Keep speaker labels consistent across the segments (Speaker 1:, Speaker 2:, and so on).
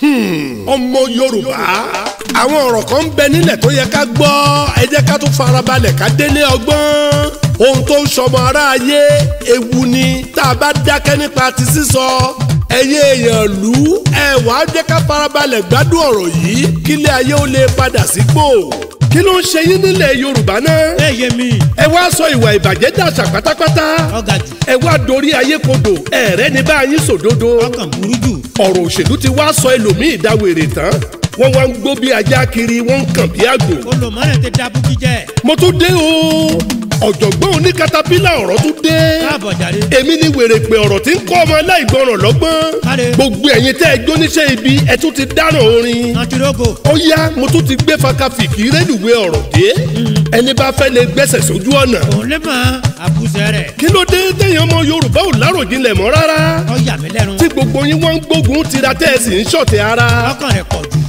Speaker 1: Hmm. ọmọ yorùbá àwọn ọ̀rọ̀ kan ń bẹ nílẹ̀ tó yẹ ká gbọ́ ẹ jẹ́ ká tún farabalẹ̀ ká délé ọgbọ́n ohun tó ń sọmọ aráyé ewu ni tá a bá dákẹ́ nípa ti sísọ ẹyẹ èèyàn lù ẹ wàá jẹ́ ká farabalẹ̀ gbádùn ọ̀rọ̀ yìí kílẹ̀ ayé ó lè padà sípò kí ló ń ṣe yín nílẹ̀ yorùbá náà. ẹ yé mi. ẹ wá sọ ìwà ìbàjẹ́ dàṣà pátápátá. ọ̀gá jù. ẹ wá dorí ayé kodò ẹ̀rẹ́ ní bá yín sòdodo. ọkàn burú jù. ọ̀rọ̀ òṣèlú ti wá sọ ẹlòmíì dáwèrè tán wọ́n wá ń gbó bí ajá kiri wọ́n ń kàn bí àgbò. olùmọ̀ràn ti da búkí mo tún dé o ọ̀jọ̀gbọ́n oníkatapílà ọ̀rọ̀ tún dé. káàbọ̀ jàre. èmi ni wèrè pé ọ̀rọ̀ tí ń kọ́ ọmọ aláìgbọràn lọ́gbọ́n. gbogbo ẹ̀yin tẹ́ ẹ jóníṣẹ́ ibi ẹ tún ti dáràn orin. àtúrógò. ó yá mo tún ti gbé fakafìkì rélùwé ọ̀rọ̀ dé. Hmm. ẹni bá fẹ́ lè gbẹ́sẹ̀ sójú ọ̀nà. òun lè mọ àbúṣe rẹ̀. kí ló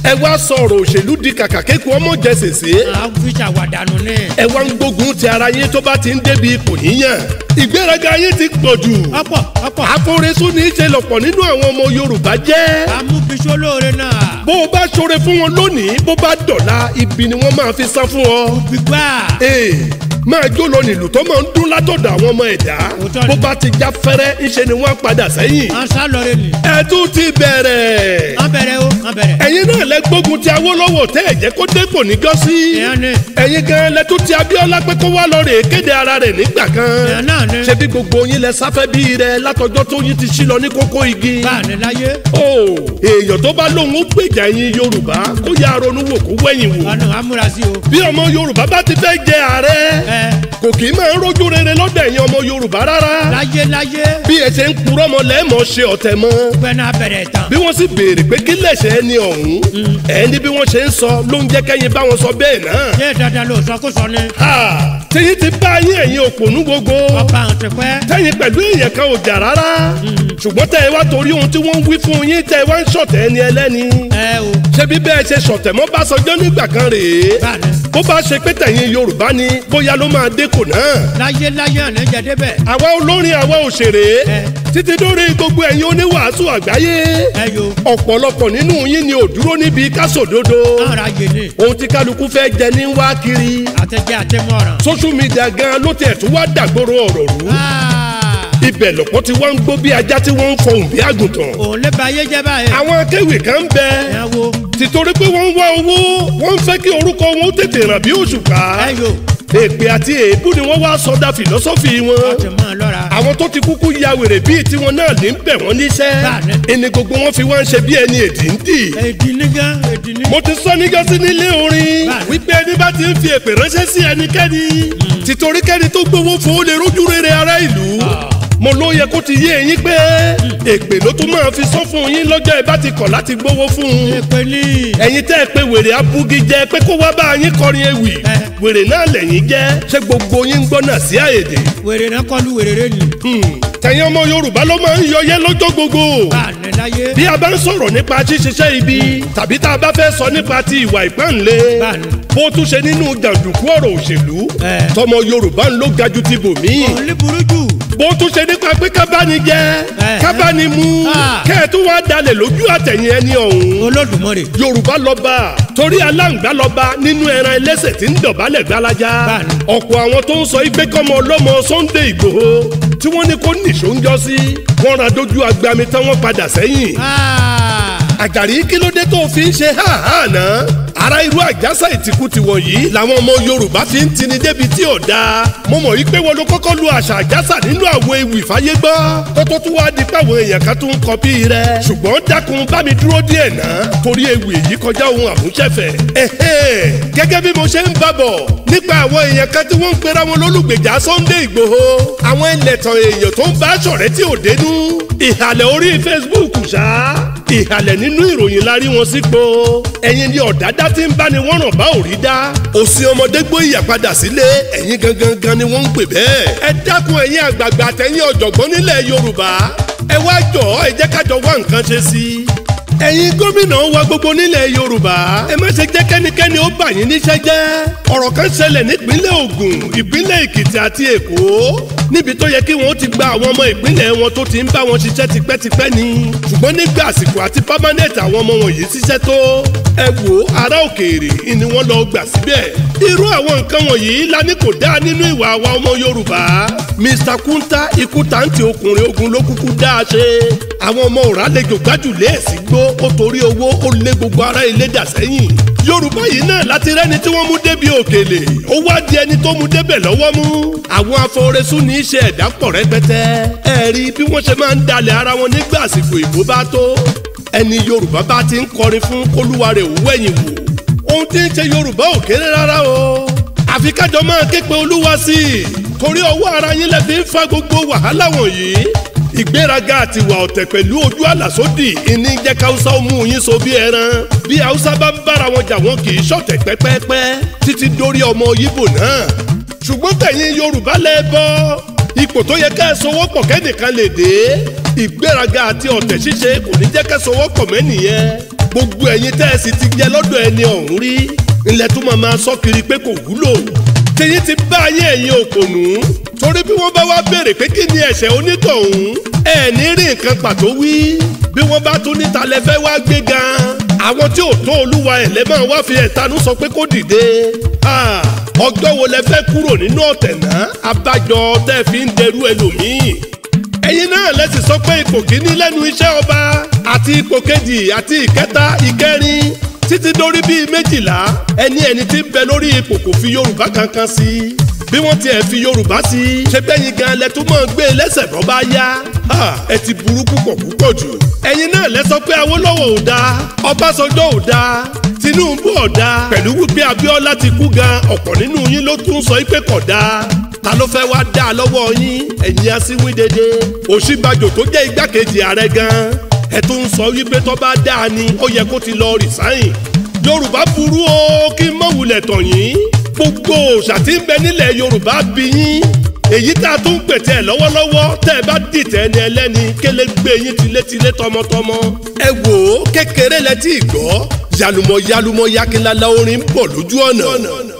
Speaker 1: ẹ wá sọ̀rọ̀ òṣèlú di kàkà kéku ọmọ jẹ sèse. àwùjọ àwàdànù ni. ẹ wá ń ti ara yín tó bá ti ń débi ipò níyàn ìgbéraga yín ti pọ̀ jù. ọ̀pọ̀ ọ̀pọ̀. àforesú ní í ṣe lọ̀pọ̀ nínú àwọn ọmọ Yorùbá jẹ́. lóore náà. bó bá ṣoore fún wọn lónìí bó bá dọ̀la ibi ni wọ́n máa fi fún ọ. máa jó lọ nílùú tó máa ń dún látọ̀dọ̀ àwọn ọmọ ẹ̀dá bó bá ti já fẹ́rẹ́ ńṣe ni wọ́n padà sẹ́yìn. àṣà lọrẹ ni. ẹ tún ti bẹ̀rẹ̀. a bẹ̀rẹ̀ o a bẹ̀rẹ̀. ẹ̀yin náà lẹ gbógun ti Awólọ́wọ̀ tẹ́ ẹ̀jẹ̀ kó dépò ní gọ́sí. ẹ̀yin gan lẹ tún ti Abíọ́lá pé kó wá lọ rè é kéde ara rẹ̀ nígbà kan. ṣé bí gbogbo yín lẹ sáfẹ́ bí rẹ látọjọ́ tó yín ti sí lọ ní kókó igi. báàni láyé. o èèyàn tó bá lóun ó gbèjà ẹ̀yin Yorùbá kó yáa ronú wò kó wẹ̀yìn wò. bí ọmọ Yorùbá bá rẹ. kò kì í máa ń rojú rere lọ́dọ̀ ẹ̀yin ọmọ yorùbá rárá. láyé láyé. bí ẹ ṣe ń purọ́ mọ́ lẹ́ẹ̀mọ́ ṣe ọ̀tẹ̀ mọ́. gbẹ́nà bẹ̀rẹ̀ tán. bí wọ́n sì béèrè pé kí lẹ̀ṣẹ̀ ẹni ọ̀hún. Mm. ẹni bí wọ́n ṣe ń sọ ló ń jẹ́ kẹ́yin bá wọn sọ bẹ́ẹ̀ náà. ṣé dandan ló sọ kó sọ ni. tẹ̀yin ti bá yín ẹ̀yin òpònú gbogbo. ọba mm. ṣùgbọ́n tẹ̀ ẹ wá torí ohun tí wọ́n wí fún yín tẹ̀ ẹ wá ń ṣọ̀tẹ̀ ẹni ẹlẹ́ni. ẹ o. ṣé bí bẹ́ẹ̀ ṣe ṣọ̀tẹ̀ mọ́ Ọbásanjọ́ nígbà kan rèé. bó bá ṣe pé tẹ̀yin Yorùbá ni bóyá ló máa dékò náà. láyé láyé àná jẹ débẹ̀. àwa olórin àwa òṣèré títí dórí gbogbo ẹ̀yin oníwàásù àgbáyé. ọ̀pọ̀lọpọ̀ nínú yín ni ò níbi kásòdodo. ara yé ni. ohun tí kálukú fẹ́ jẹ ní wá kiri. àtẹ̀jẹ́ àtẹ̀mọ́ràn. social media gan ló tẹ̀ tún wá dàgbòrò ọ̀rọ̀ rú. ibẹ̀ lọ̀pọ̀ tí wọ́n ń gbó bí ajá tí wọ́n ń fọhùn bí àgùntàn. òun lè ba ayé jẹ́ báyìí. àwọn akéwì kan ń bẹ. ìyàwó. tìtorí pé wọ́n ń wá owó wọ́n ń fẹ́ kí orúkọ wọn tètè ràn bí òṣùpá. ẹ yóò èpè àti èébú ni wọ́n wá sọdá fìlọ́sọ́fì wọn. àwọn tó ti kúkú ya wèrè bíi tiwọn náà ní bẹ̀ wọ́n níṣẹ́. ẹni gbogbo wọn fi wá ń ṣe bí ẹni èdì ń dì. mo ti sọ nígbà sí nílé orin wípé ẹni bá ti ń fi èpè ránṣẹ́ sí ẹnikẹ́ni hmm. títorí kẹ́ni tó gbowó fowó lè rójú rere ará ìlú. Ah mo ló yẹ kó ti yé yín pé èpè ló tún máa fi sán fún yín lọ́jọ́ ẹ bá ti kọ̀ láti gbowó fún un. èpè ni. ẹ̀yin tẹ́ ẹ pé wèrè abugi jẹ pé kó wá bá yín kọrin ewì eh. wèrè náà lẹ́yìn jẹ́ ṣé gbogbo yín gbọ́ náà sí àyèdè. wèrè náà kọlu wèrè rẹ ni. Hmm. tẹ̀yin ọmọ Yorùbá ló máa ń yọyẹ́ lọ́jọ́ gbogbo. bí a bá ń sọ̀rọ̀ nípa ṣíṣiṣẹ́ ibi tàbí tá a bá fẹ́ sọ nípa ti ìwà ìpáǹle bó tún ṣe nínú jàǹdùkú ọ̀rọ̀ òṣèlú eh. tọmọ Yorùbá ń ló ga ju ti bòmíì. òun lè burú jù bó tún ṣe nípa pé kábàánì jẹ eh, kábàánì mu eh. ah. kẹ́ẹ̀tù wá dalẹ̀ lójú àtẹ̀yìn ẹni ọ̀hún. olódùmarè. yorùbá lọ́ba torí aláǹgbá lọ́ba nínú ẹran ẹlẹ́sẹ̀ tí ń dọ̀bálẹ̀ gbalaja ọ̀pọ̀ àwọn tó ń sọ igbe kọ́mọ ọlọ́mọ Sunday Ìgbòho tí wọ́n ní kó nìṣó ń jọ sí wọ́n ra dojú agbami tán wọ́n padà sẹ́yìn. Ah. àjàrí kí ló dé tó fi ń ṣe háàháà náà ara irú àjàsà ìtìkú ti wọ̀nyí làwọn ọmọ Yorùbá ti ń tini débi tí ò dáa mo mọ̀ yí pé wọn ló kọ́kọ́ lu àṣà àjàsà nínú àwo ewì fáyé gbọ́ tó tún wáá di pé èèyàn kan tún ń kọpí rẹ̀ ṣùgbọ́n dákun bá mi dúró díẹ̀ náà torí ewì yìí kọjá ohun àmúṣẹ́fẹ̀ ẹ̀hẹ́ gẹ́gẹ́ bí mo ṣe ń bàbọ̀ nípa àwọn èèyàn kan tí wọ́n ń pera wọn lólùgbèjà Sunday Ìgbòho àwọn ẹlẹ́tàn èèyàn tó ń bá ṣọ̀rẹ́ tí ò dénú ìhàlẹ̀ orí Facebook ṣáá ìhàlẹ̀ nínú ìròyìn la rí wọn sípò ẹ̀yin ni ọ̀dádá tí ń bá ni wọ́n ràn bá ò rí dá òsì ọmọdé gbó ìyàpadà sílé ẹ̀yin gangan gan ni wọ́n ń pè bẹ́ẹ̀. ẹ dákun ẹ̀yin àgbààgbà àtẹ̀yin ọ̀jọ̀gbọ́n nílẹ̀ yorùbá ẹ wá jọ ẹ jẹ́ kájọ wá nǹkan ṣe sí i. ẹ̀yin gómìnà wa gbogbo nílẹ̀ yorùbá ẹ má ṣe jẹ́ kẹ́nikẹ́ni ó bà yín níṣẹ́ jẹ́ ọ̀rọ̀ kan ṣẹlẹ̀ nípínlẹ̀ ògùn ìpínlẹ̀ èkìtì àti èkó níbi tó yẹ kí wọ́n ti gba àwọn ọmọ ìpínlẹ̀ wọn tó ti ń bá wọn ṣiṣẹ́ tipẹ́tipẹ́ ni ṣùgbọ́n nígbà àsìkò àti permanent àwọn ọmọ wọ̀nyí ṣiṣẹ́ tó ẹ wò ará òkèèrè ni wọ́n lọ gbà síbẹ̀ irú àwọn nǹkan wọ̀nyí la kò dáa nínú ìwà àwa ọmọ Yorùbá Mr Kunta ikú tàǹtì ọkùnrin ogun ló kúkú dáa ṣe àwọn ọmọ òrálejò gbájúlé ẹ̀sìn gbó ó torí owó ó lé gbogbo Yorùbá yìí náà láti rẹ́ni tí wọ́n mú débi òkèlè ó wá di ẹni tó mú débẹ̀ lọ́wọ́ mú àwọn afọresú ní oríṣiríṣi ẹ̀dá pọ̀ rẹpẹtẹ ẹ rí bí wọ́n ṣe máa ń dalẹ̀ ara wọn nígbà àsìkò ìbò bá tó ẹni yorùbá bá ti ń kọrin fún kólúwa rẹ̀ òwú ẹ̀yìn wò ohun tí ń ṣe yorùbá ò kéré rárá o àfi kájọ máa ké pe olúwa sí i torí ọwọ́ ara yín lẹ fi ń fa gbogbo wàhálà wọ̀nyí ìgbéraga àti ìwà ọ̀tẹ̀ pẹ̀lú ojú àlàsódì ìní jẹ́ káwùsá mú yín so bí ẹran bí haúsá bá ń bára wọn jà wọn kì í ṣọ̀tẹ̀ pẹ́pẹ́pẹ́ títí dórí ọmọ yíbò náà ṣùgbọ́n tẹ̀yin yorùbá lẹ bọ́ ipò tó yẹ ká ẹ sowó pọ̀ kẹ́nìkan lè dé ìgbéraga àti ọ̀tẹ̀ ṣíṣe kò ní jẹ́ ká sowó pọ̀ mẹ́nìyẹn gbogbo ẹ̀yin tẹ́ ẹ sì ti jẹ lọ́dọ̀ ẹni ọ̀hún rí ilẹ̀ tó máa máa sọ kiri pé kò wúlò tẹ̀yin ti bá ayé ẹ̀yin òkònú torí bí wọ́n bá wá béèrè pé kí ni ẹ̀ṣẹ̀ onítọ̀hún ẹ̀ ní rí nǹkan pàtó wí bí wọ́n bá tún níta lẹ fẹ́ wá gbé gan àwọn tí ò tó olúwa ẹ̀ máa wá fi ẹ̀tanú sọ pé kó dìde. Ah ọjọ́ wo lẹ fẹ́ kúrò nínú ọ̀tẹ̀ náà abájọ tẹ́ fi ń derú ẹlòmíì ẹ̀yin náà lẹ sì sọ pé ipò kíní lẹ́nu iṣẹ́ ọba àti ipò kejì àti ìkẹta ìkẹrin títí dórí bíi méjìlá ẹni ẹni tí ń bẹ lórí ipò kò fi yorùbá kankan sí i bí wọ́n tiẹ̀ fi yorùbá sí i ṣe bẹ́yìn gan lẹ tún máa gbé e lẹ́sẹ̀ bọ́ bá yá ẹ ti burú púpọ̀ púpọ̀ jù ẹ̀yin náà lẹ pé awólọ́wọ̀ ò dáa ọbásanjọ́ ò dáa Tinubu ọ̀dà pẹ̀lú wípé Abiola ti kú gan ọ̀pọ̀ nínú yín ló tún sọ pé kódà ta ló fẹ́ wá dá lọ́wọ́ yín ẹ̀yin asínwín dédé Ọ̀ṣínbàjò tó jẹ́ igbákejì ààrẹ gan ẹ̀ tó ń sọ wípé tó bá dáa ni ó yẹ kó ti lọ rìsáyìn Yorùbá burú o kí mọ̀wulẹ̀ tàn yín gbogbo òòṣà tí ń bẹ nílẹ̀ Yorùbá bí yín èyí tá a tún ń pètè lọ́wọ́lọ́wọ́ tẹ́ ẹ bá dìtẹ̀ ẹni ẹlẹ́ni kélé gbé yín tilétilé tọmọtọmọ. ẹ wò ó kékeré lẹ tí ì gbọ́ yalumọ yalumọ yakilala orin ń bọ̀ lójú ọ̀nà. ọ̀nà.